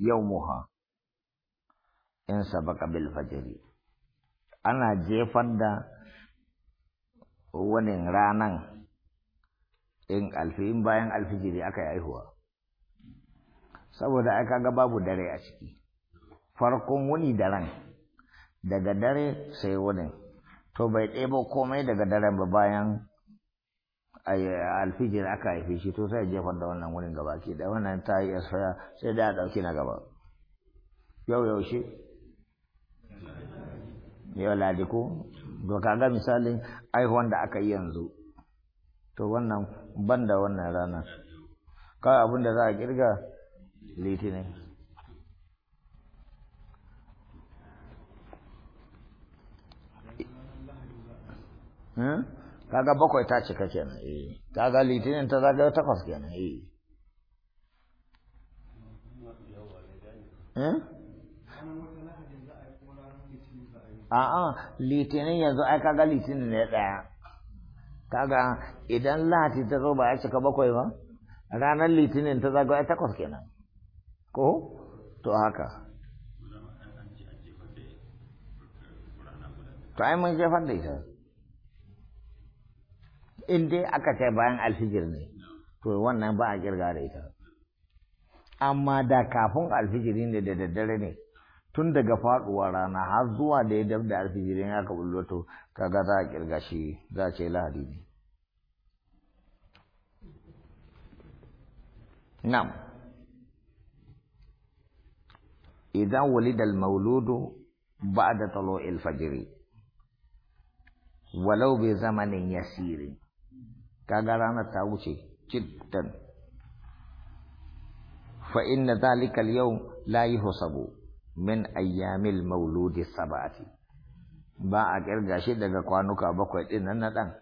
yawmuha in sabaka bil fajri ana jefar da wani ranan in alfi bayan alfijiri aka yi haihuwa saboda aka ga babu dare a ciki farkon wani daren daga dare sai wani, to bai ɗebo komai daga daren ba bayan alfijir aka haife shi to sai jefar da wannan wurin gaba ke da wannan ta yi asfaya sai da ɗauki na gaba yau yaushe yau ladi ko to kaga misalin aihuwan da aka yi yanzu to wannan ban da wannan ranar kawai abin da za a kirga litinin Hmm? kaga bakwai ta cika kenan eh kaga litinin ta zaga takwas kenan eh eh a'a litinin yanzu ai kaga litinin ne daya kaga idan lati ta zo ba ya cika bakwai ba ranar litinin ta zaga ai takwas kenan ko to haka to ai mun jefar da ita in dai aka ce bayan alfijir ne to wannan ba a kirga da ita amma da kafin alfijiri ne da daddare ne tun daga faduwa rana har zuwa da ya dab da alfijiri ya ka bullo to kaga za a kirga shi za a ce lahadi ne nam idan Walidal al-mauludu ba'da tulu'il ilfajiri, walau bi zamanin yasirin kaga ranar ta wuce jiddan fa inna dhalika al-yawm la yuhsabu min ayyamil mauludi sab'ati ba a ƙirga shi daga kwanuka bakwai din nan na dan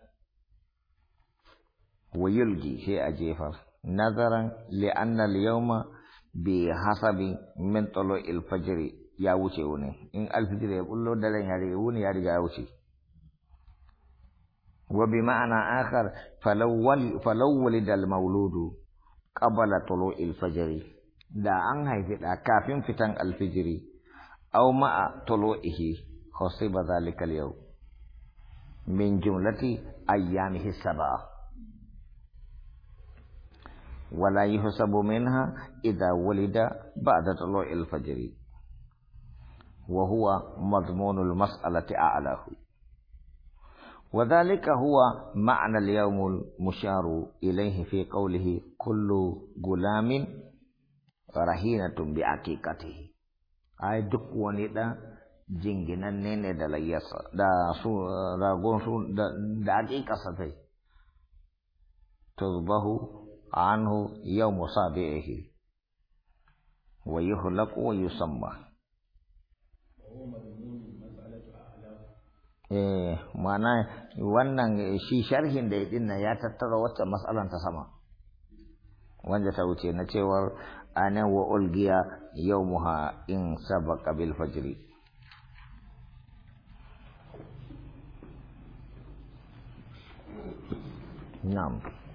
wayulgi sai a jefa nazaran li anna al-yawma bi hasabi min tolo fajr ya wuce wuni in al-fajr ya bullo daren yare wuni ya riga ya wuce وبمعنى آخر فلو, فلو ولد المولود قبل طلوع الفجر دا أن هيفت كافين تن الفجر أو مع طلوعه خصيب ذلك اليوم من جملة أيامه السبعة ولا يحسب منها إذا ولد بعد طلوع الفجر وهو مضمون المسألة أعلاه Wadhalika huwa ma'na al-yawmul musharu ilayhi fi qawlihi kullu gulamin rahinatun bi aqiqatihi. Ai duk wani jinginan ne ne da layyasa da su ragon su da da aqiqa sa kai. Tuzbahu anhu yawm sabihi. Wa yuhlaqu wa eh mana wannan eh, shi sharhin da yake nan ya tattara wacce matsalan ta sama wanda ta wuce na cewar ana wa ulgiya yawmuha in sabaqa bil fajiri. na'am